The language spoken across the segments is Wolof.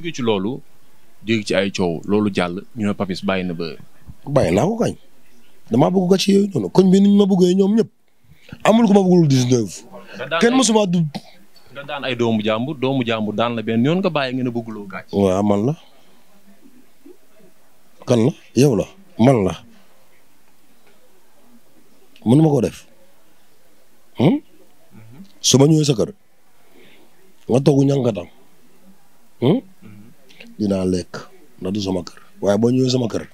jógee ci loolu dégg ci ay coow loolu jàll ñu ne Papis bàyyi na ba. bàyyi naa ko kañ damaa bëgg ko ci noonu koñ bi ni ñu ma bëggee ñoom ñëpp amul ma bëggul 19. kenn mosuma du. nga daan ay doomu jàmbur doomu jàmbur daan la benn yoon nga bàyyi ngeen a bëgguloo gàcc. waaw man la kan la yow la man la mënuma ko def. Hmm? Mhm. su ma ñëwee sa kër nga toog ñànkatam hmm? dinaa lekk ndax du sama kër waaye boo ñëwee sama kër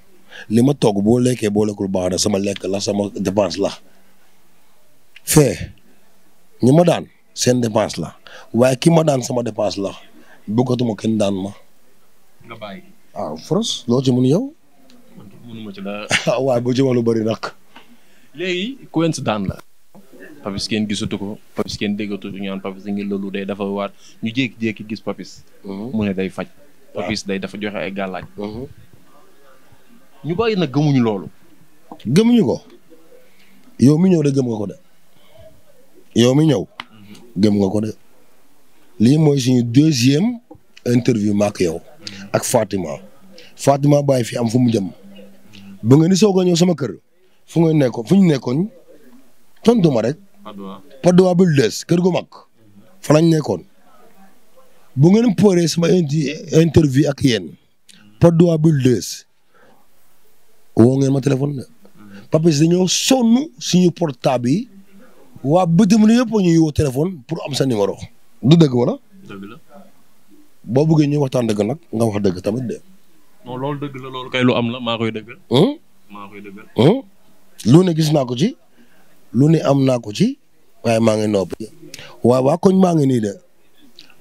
li ma togg boo lekkee boo lekkul baax na sama lekk la sama dépense la fee ñu ma daan seen dépense la waaye ki ma daan sama dépense la bëggatuma kenn daan ma. nga bàyyi. Ah, loo ci mun yow. mënuma ci dara. Ah, waaye bu ci wax lu bëri nag. léegi Quench daan la. Papis kenn gisatu ko Papis kenn déggatu ñaan Papis ngi loolu day dafa waat ñu jékki-jékki gis Papis. Mhm. mu ne day faj. office day dafa joxe ay gàllaaj mhm. ñu bàyyi nag gëmuñu loolu. gëmuñu ko yow mi ñëw de gëm nga ko de yow mi ñëw mhm. gëm nga ko de lii mooy suñu deuxième interview ma ak yow ak Fatima Fatima bàyyi fi am fu mu jëm ba nga ni soog a sama kër fu nga nekkoon fu ñu nekkoon tontuma rek. Padois Padois des kër gu mag fa lañ nekkoon. bu ngeen pooree sama interview ak yéen Patte d'Oie Bullders woo ngeen ma téléphone Papa Cissé dañoo sonn suñu portable yi waa bitim réew yëpp ñuy woo téléphone pour am sa numéro. du dëgg wala. dëgg la. bëggee ñu waxtaan dëgg nag nga wax dëgg tamit de. non loolu dëgg la loolu kay lu am la hmm? hmm? lu ne gis naa ko ci. lu ne am naa ko ci. waaye maa ngi noppi. waaw waa koñ maa ngi nii de.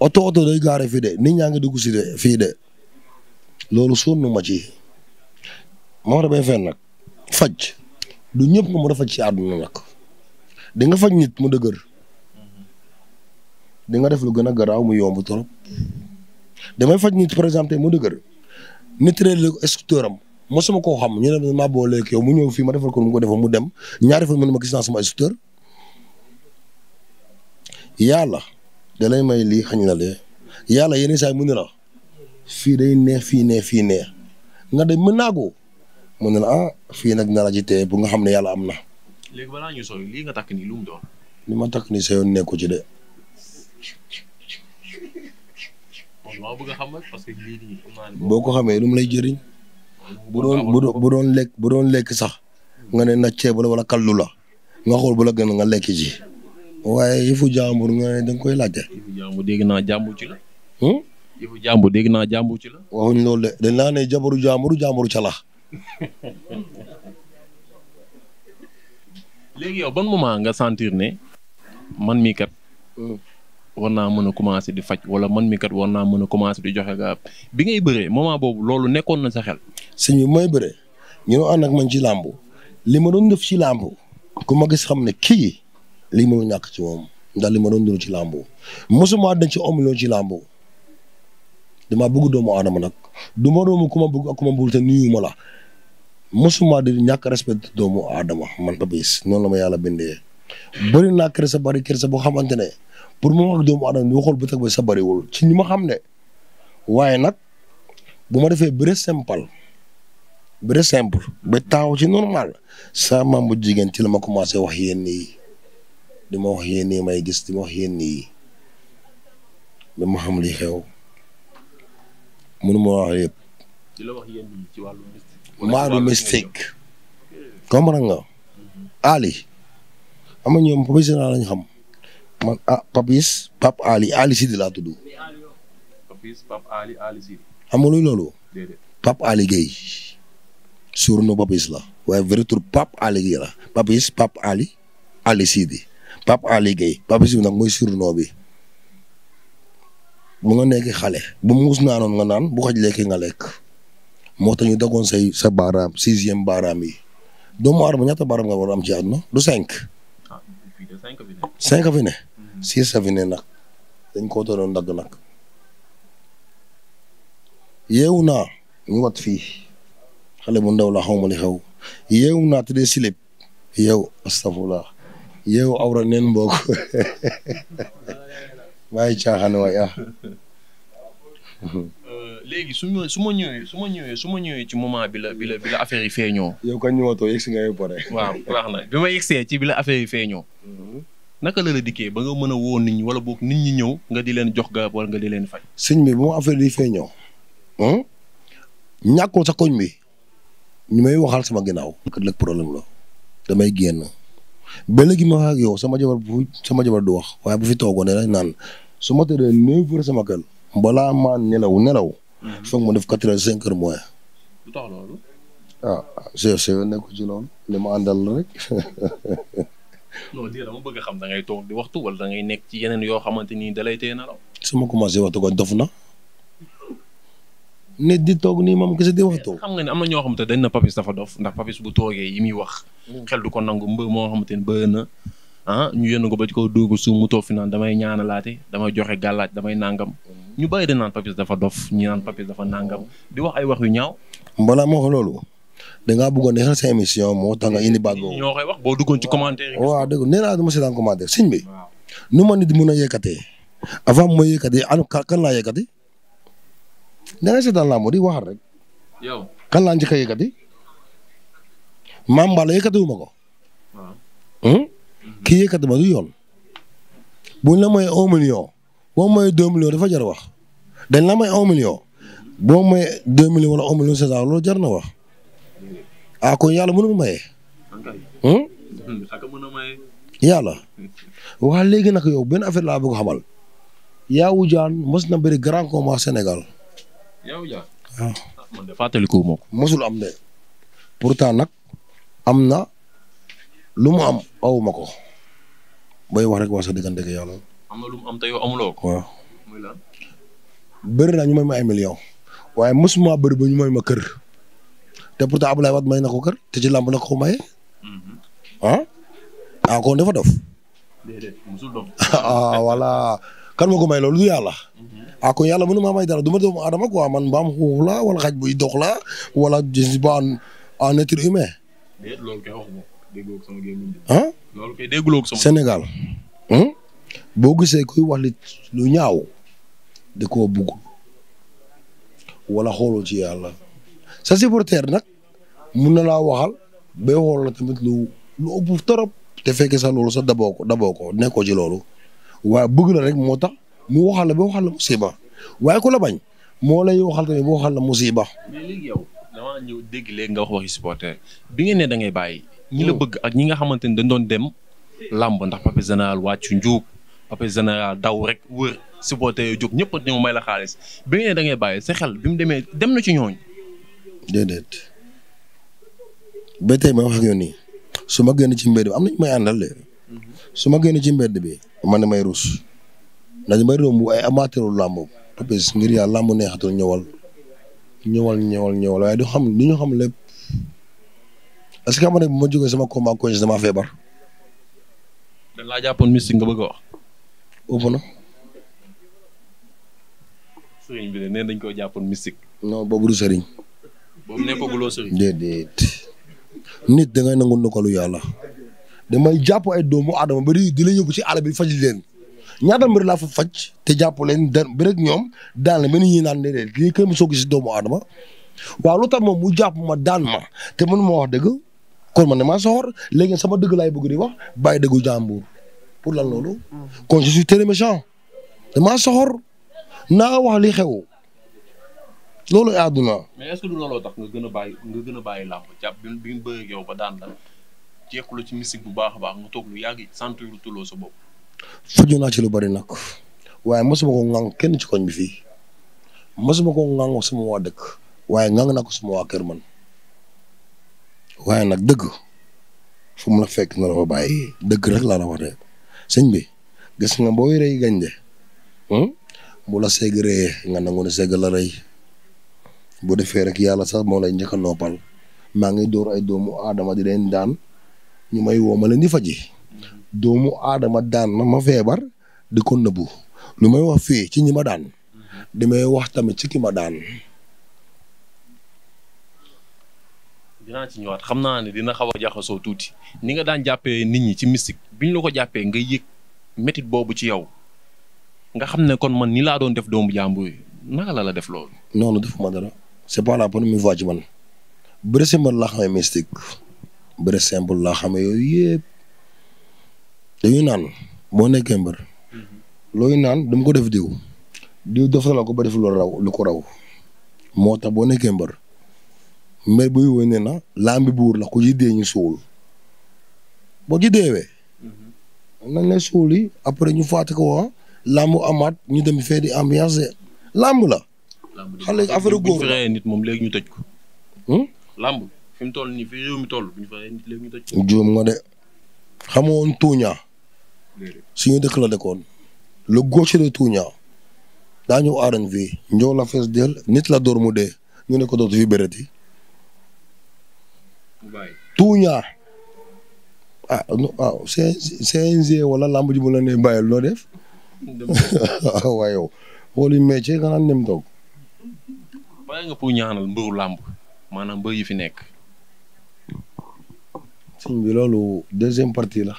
oto oto day gaare fii de nit ñaa ngi dugg si de fii de loolu sonn ma ci moo tax bay fenn nag faj du ñëpp nga mën a faj ci àdduna nag di nga faj nit mu dëgër di nga def lu gën a garaaw mu yomb trop damay faj nit par exemple mu dëgër nit réer la escorteur am mosuma koo xam ñu ne maa booleeg yow mu ñëw fii ma defal ko mu ko defal mu dem ñaari fan mu ne ma gis naa sama escorteur yàlla. dalay may lii xañ na lee yàlla yenn saa mu ne la fii day neex fii neex fii neex nga de mën naa ko mu ne la ah, nag nar a tee bu nga xam ne yàlla am na. léegi balaa ñuy sooy lii nga takk nii lu mu li ma takk nii sa yoon nekku ci de. waaw bëgg a xam parce que lii boo ko xamee lu lay jëriñ. bu doon bu doon bu bu doon lekk sax. nga ne na ceeb la wala kallu la. nga xool bu la gën nga lekk ji. waaye yëfu jàmbur nga ne koy laajte. yëfu dégg naa jàmbur ci la. yëfu jàmbur dégg naa jàmbur ci la. Hmm? waxuñ loolu de dañ naa ne jabaru jàmbur jàmbur ca la. léegi yow ban moment nga sentir ne man mii kat. Hmm. war naa mën a commencer di faj wala man mi kat war naa mën a commencer di joxe garab bi ngay bëree moment boobu loolu nekkoon na sa xel. sëñ bi may bëree ñu ànd ci làmb li ma doon def ci làmb ku gis xam ne kii lii mënul ñàkk ci moom ndax li ma doon dund ci làmbu mosuma dañ ci om loolu bëgg doomu adama nag du ma doomu ku ma bëgg a ku ma bëgg te nuyu ma la mosuma di ñàkk respect doomu aadama man Papa Liss noonu la ma yàlla bindee bari naa kër sa bëri kër sa boo xamante ne pour moom ak doomu aadama ñu xool ba teg ba sa bari wul ci ñi ma xam ne waaye nag bu ma defee bëre simple bëre simple ba taaw ci normal sama maam bu jigéen ci la ma commencé wax yéen nii. di ma wax yéen nii may gis di ma wax yéen nii ba ma xam li xew mënu ma wax yëpp. di la mm-hmm. Ali. am na ñoom Papis ah, Ali Ali Sidi Papis Ali Ali Sidi. xam nga luy loolu. déedéet Ali Gueye. surnom Papis la. waaye vrai tur Pape Ali Gueye la Papis Pape Ali Ali Sidi. Pape Alé Guèye Pape Siv nag mooy surnom bi mu nga nekk xale bu mu mus naanoon nga naan bu xaj lekki nga lekk moo tax ñu dagoon say sa baaraam sixième baaraam yi doomu aadama ñaata baaraam nga war a am ci àdduna du cinq. cinq fi ne. cinq fi ne. six fi ne nag dañ koo doon dagg nag. yeewu naa ñu wat fii xale bu ndaw la xaw ma li xew yeewu naa tëddee silib yeew yeewu awra neen mboog maa ngi caaxaan waay ah. Euh, léegi su ma su ma ñëwee su ma ñëwee su ma ñëwee ci moment bi la bi la yi feeñoo. yow kañ ñëwaatoo yegg si nga pare. waaw bi ma yegsee ci bila la affaire yi feeñoo. Mhm. naka la la dikkee ba nga mën a woo nit ñi wala boog nit ñi ñëw nga di leen jox garab wala nga di leen faj. sëñ bi bu ma affaire yi feeñoo. Hmm? ñàkkul sa koñ bi. ñu may waxal sama ginaaw kat nag problème la. damay génn. ba léegi ma wax ak yow sama jabar bu sama jabar du wax waaye bu fi toogoon rek naan su ma tëddee neuf heures sama kër balaa maa nelaw nelaw. Mhm. foog ma def quatre heures cinq heures moins. lu tax loolu. ah chef nekku ci loolu li ma àndal la rek. non di xam da ngay toog di waxtu wala da ngay nekk ci yeneen yoo xamante ni dalay tee nelaw. su ma commencé waxtu ko dof na. nit di toog nii moom kese di waxtu. ne am na ñoo xamante dañ na Papis dafa dof ndax Papis bu toogee yi muy wax. Mm. xel du ko nangu mbër moo xamante ne bëri na ah ñu yónn ko ba ci kaw dugg suuf mu fi naan damay ñaanalaate damay joxe gàllaaj damay nangam. Mm. ñu bàyyi dañ naan Papis dafa dof ñi naan Papis dafa nangam mm. di wax ay wax yu ñaaw. mbalaa moo wax loolu. dangaa bëggoon neexal sa émission moo tax nga indi baat boobu. ñoo koy wax boo duggoon ci commentaire yi. waaw dëgg nee naa dama seetaan commentaire sëñ bi. nu ma nit mun a yëkkatee avant ma yëkkatee anu kan laa yëkkati da ngay seetaan làmb di waxal rek. yow kan laa njëkk a yëkkati. maam Balla yëkkatiwuma ko. waaw. Hmm? kii yëkkati ma du yoon. buñ la may un million boo may deux millions dafa jar wax dañ la may un million boo may deux millions wala un million c'est loolu jar na wax ah kon yàlla mënul hmm? maye. yàlla wax léegi nag yow benn affaire laa bëgg xamal. Yawou Diagne mos na bëri grand combat Sénégal. yow ja waaw ah. de fàttaliku ma am de pourtant nag am na lu mu am aw ma ko bay wax rek wax sa diggante ak yàlla. am na lu mu am te yow amuloo na ñu may ma ay millions waaye mosuma bëri ba ñu may ma kër te pourtant Abdoulaye may na ko kër te ci làmb na ko maye. Mm-hmm. ah ah kon dof. déedéet mosul ah, ma ko may loolu du ah kon yàlla mënu maa may dara du ma doomu aadama quoi man mbaam xuux la wala xaj buy dox la wala je suis pas un être humain. Sénégal. Hmm? boo gisee kuy wax lu ñaaw da ko bugg wala xoolul ci yàlla sa supporter nag mun na la waxal ba xool la tamit lu lu ëpp torop te fekk sa loolu sa daboo ko daboo ko nekkoo ci loolu waaye bëgg la rek moo mu waxal la ba waxal la musiba waaye ku la bañ moo lay waxal tamit ba waxal la musiba. mais léegi yow dama ñëw dégg nga wax waxi bi ngeen ne da ngay bàyyi. ñi la hmm. bëgg ak ñi nga xamante ni dañ doon dem. làmb ndax Pape Général wàccu njuub Pape Général daw rek wër supporter yooyu jóg ñëpp ñëw may la xaalis bi ngeen ne da bàyyi sa xel bi mu demee dem na ci ñooñ déedéet ba tey ma wax ak yow nii su ma génn ci mbedd bi am nañu may àndal de hmm. su ma génn ci mbedd bi man may ruus. ndax ñu may romb ay amateuru làmb papis ngir yàlla làmb neexatul ñëwal ñëwal ñëwal waaye du xam li ñu xam lépp parce que xam ma jógee sama combat coach dama feebar. dañ laa jàppoon mystique nga bëgg a wax. ëpp bi de dañ koo jàppoon mystique. non boobu sëriñ. boobu nekkaguloo sëriñ. déedéet. nit da ngay nangu ndogalu yàlla. damay jàpp ay doomu aadama bari di di la yóbbu ci àll bi faj leen. ñaata mbir laa fa faj te jàpp leen da bi ñoom daan la mel ni ñuy naan ne leen lii kër mosoo gis si doomu aadama waaw lu tax moom mu jàpp ma daan ma te mën ma wax dëgg kon man damaa soxor léegi sama dëgg laay bëgg di wax bàyyi dëggu jàmbur pour lan loolu. kon je suis très méchant damaa soxor naa xew loolu àdduna. mais est-ce que looloo tax gën a bàyyi nga gën a bàyyi làmb jàpp bi mu bëgg ci mystique bu baax a baax nga toog lu yàgg sentirutuloo sa bopp. fuju naa ci lu bari nag waaye mosuma ko ŋang kenn ci koñ bi fii mosuma ko ŋang suma waa dëkk waaye ŋang naa ko suma waa kër man waaye nag dëgg fu mu la fekk nga la fa bàyyi dëgg rek laa la wax de bi gis nga boo rey gañde hmm? bu la seeg reyee nga nangu ne seeg la rey bu defee rek yàlla sax moo lay njëkk nopal noppal maa ngi door ay doomu aadama di leen daan ñu may woo ma leen di faji doomu aadama daan ma ma feebar di ko nëbbu lu may wax fii ci ñi ma daan di wax tamit ci ki ma daan. dinaa ci ñëwaat xam naa ne dina xaw a jaxasoo tuuti ni nga daan jàppee nit ñi ci mystique bi ñu la ko jàppee nga yëg métit boobu ci yow nga xam ne kon man ni laa doon def doomu jàmbu yi naka lala def loolu. noonu defuma dara c'est pas la première fois ci man bëri simple laa xamee mystique bëri simple laa xamee yooyu yëpp. dañuy naan boo nekkee mbër. looy naan dama ko def diw. diw dafa la ko ba def lu raw ko raw. moo tax boo nekkee mbër. mbër buy wëy na laam bi buur la ku ci dee ñu suul. boo ci deewee. nañ la suul yi après ñu fàtte ko waa ah, làmb amaat ñu dem fee di ambiance làmb la. xale affaire góor la moom léegi ñu tëj ko. Hmm? làmb fi mu toll nii fi réew mi toll bu juum nga de xamoon tuuñaa suñu dëkk la dëkkoon le gaucher de Touña daa ñëw RNV ñëw la fees del nit la door mu dee ñu ne ko dootu fi béreti Touña ah non ah CNG wala lamb ji mu la nee bàyyil loo def. Ah, waaye yow xooli métier nga naan dem toog. nga pour ñaanal mbëru làmb maanaam mbër yi fi nekk. sëñ bi loolu deuxième partie la.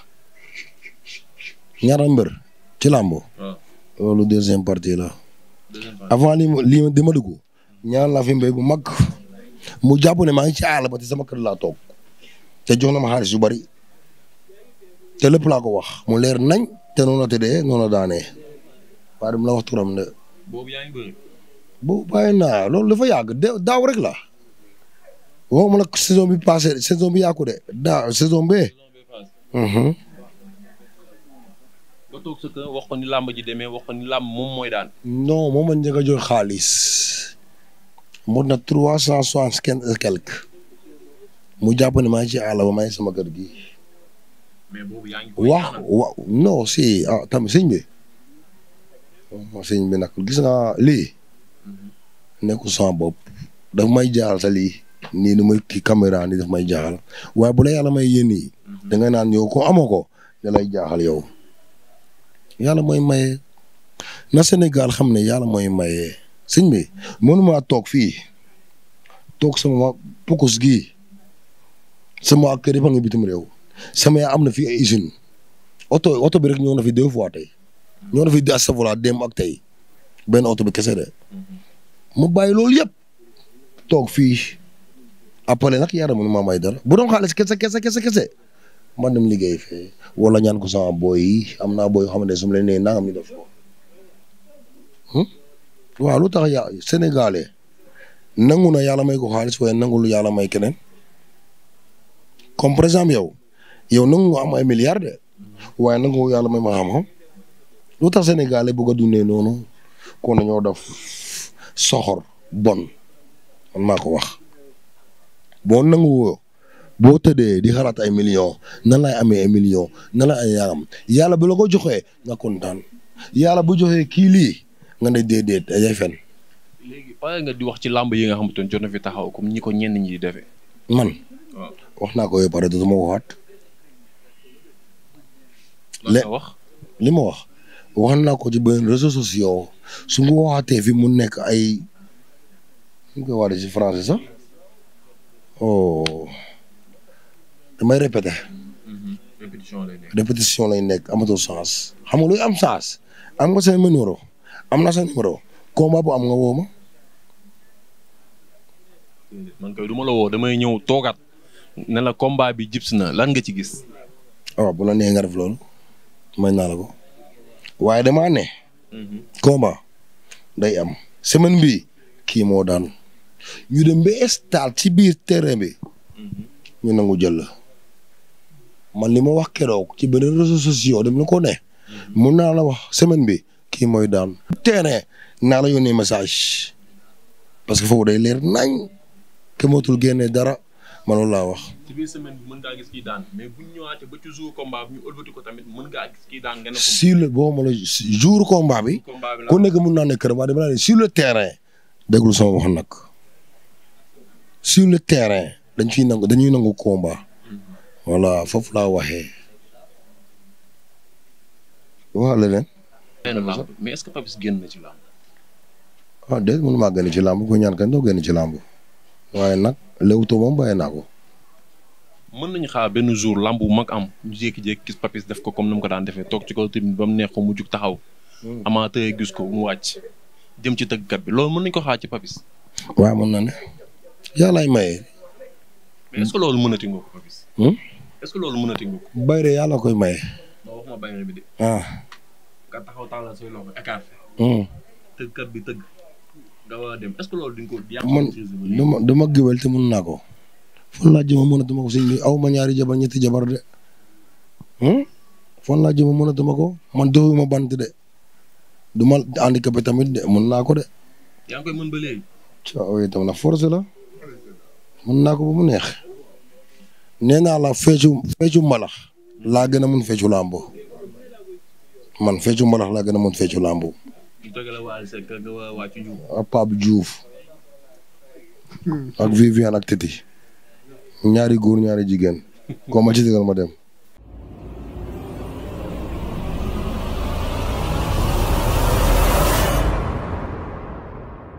ñaata mbër ci làmb. loolu deuxième partie la. avant lii ma lii di fi mbéy bu mag. mu jàpp ne maa ngi ci àll ba te sama kër laa toog. te jox ma xaalis yu bari. te lépp laa ko wax. mu leer nañ. te noonu la tëddee noonu la daanee. waa la wax turam de. boobu yaa naa loolu dafa yàgg daaw rek la. waxuma la saison bi passé saison bi yàqu de daaw saison bee. ba ni làmb ji demee wax ko moom mooy daan. non moom ma njëkk a jox xaalis. mot na trois cent soixante quinze et quelque. mu jàpp ne maa ngi ci ba maa sama kër gi. mais boobu yaa non si ah tamit sëñ bi. Oh, sëñ bi nag gis naa lii. Mhm. nekkul sama bopp. daf may jaaxal sa lii. nii ni muy kii caméra daf may jaaxal waaye bu la yàlla may yéen nii. Mhm. naan yow ko amoo ko da jaaxal yow. yàlla mooy maye na Sénégal xam ne yàlla mooy maye sëñ bi mënuma toog fii toog sama pokus gii sama waa kër yëpp bitim réew sama yaa am na fi ay usine oto bi rek ñëw na fi deux fois tey ñëw na fi asa astafurla dem ak tey benn oto bi kese de mu bàyyi loolu yëpp toog fii après nag yàlla mënuma may dara bu doon xaalis kese kese kese. man dem liggéey fee wala ñaan ko sama booy yi am naa booy yoo xam ne su ma leen nee nangam hmm? lu tax ya sénégalais nangu na yàlla may ko xaalis waaye nangu lu yàlla may keneen comme par exemple yow yow nangu nga am ay nangu yàlla may ma xam-xam lu tax sénégalais bëgg a dundee noonu kon nañoo def soxor bon nangu boo tëddee di xalaat ay millions nan laay amee ay millions nan la ay yaram yàlla bu la ko joxee nga kontaan yàlla bu joxee kii lii nga ne déedéet ay fen. di wax ci làmb yi nga xamante ne jot na fi comme ñi ko ñenn ñi defee. man wax naa ko yow pare dootuma waxaat. li wax li ma wax. wax naa ko ci benn réseaux sociaux su ma waxatee fi mu nekk ay. ñu koy waxee ci français sax oh. damay répété. Mm-hmm. répétition lay nekk répétition lay nekk amatul am chance am nga seen numéro am na seen numéro combat bu am nga woo ma. man ma la woo damay ñëw toogaat ne la combat bi jibs na lan nga ci gis. waaw ah, bu la nee nga def loolu may naa la ko waaye damaa ne. Mm-hmm. combat day am semaine bi kii moo daan ñu de ba stade ci biir terrain bi. Mm-hmm. ñu nangu jël man li ma wax keroog ci beneen réseaux sociaux dem na ko mun naa la wax semaine bi kii mooy daan. terrain naa la yónnee message parce que foofu day leer nañ ke mootul génnee dara ma loolu laa wax. ci biir semaine bi ko tamit mën boo ma jour combat bi. combat bi nekk mun naa ne kër waaye dama la ne sur le terrain. déglu sama wax nag sur le terrain dañ ciy nangu dañuy nangu combat. voilà foofu laa waxee. waaw leneen. mais est-ce que Papis génn na ci làmb. ah déedéet mënumaa génn ci làmb ku ñaan kan doo génn ci làmb. waaye nag Leewtoo moom bàyyi naa ko. mën nañu xaar benn jour lamb bu mag am ñu jékki-jékki gis Papis def ko comme ni mu ko daan defee toog ci kaw tamit ba mu neex ko mu jug taxaw. Hmm. amateur yi gis ko mu wàcc. jëm ci tëggkat bi loolu mën nañ ko xaar ci Papis. waaye mën na ne. yàllaay maye. mais est loolu mënati nga ko Papis. Hmm? est-ce que loolu mënati koy maye. Ah. Hmm. a dem est-ce ko. yàqu man dama dama géwél te mën naa ko. fan laa jëm a mën a dama ko sëñ aw ma ñaari jabar ñetti jabar de. Hmm? fan laa jëm a mën a ko man doxuma bant de. du ma handicapé tamit de mën naa ko de. yaa ngi itam na force la. mën naa ko ba mu neex. nee naa la feccu feccu mbalax laa gën a mun làmbo man feccu mbalax laa gën a mun feccu làmbo. ak Pape Diouf. Hmm. ak Viviane ak ñaari góor ñaari jigéen. koo ma ci dem.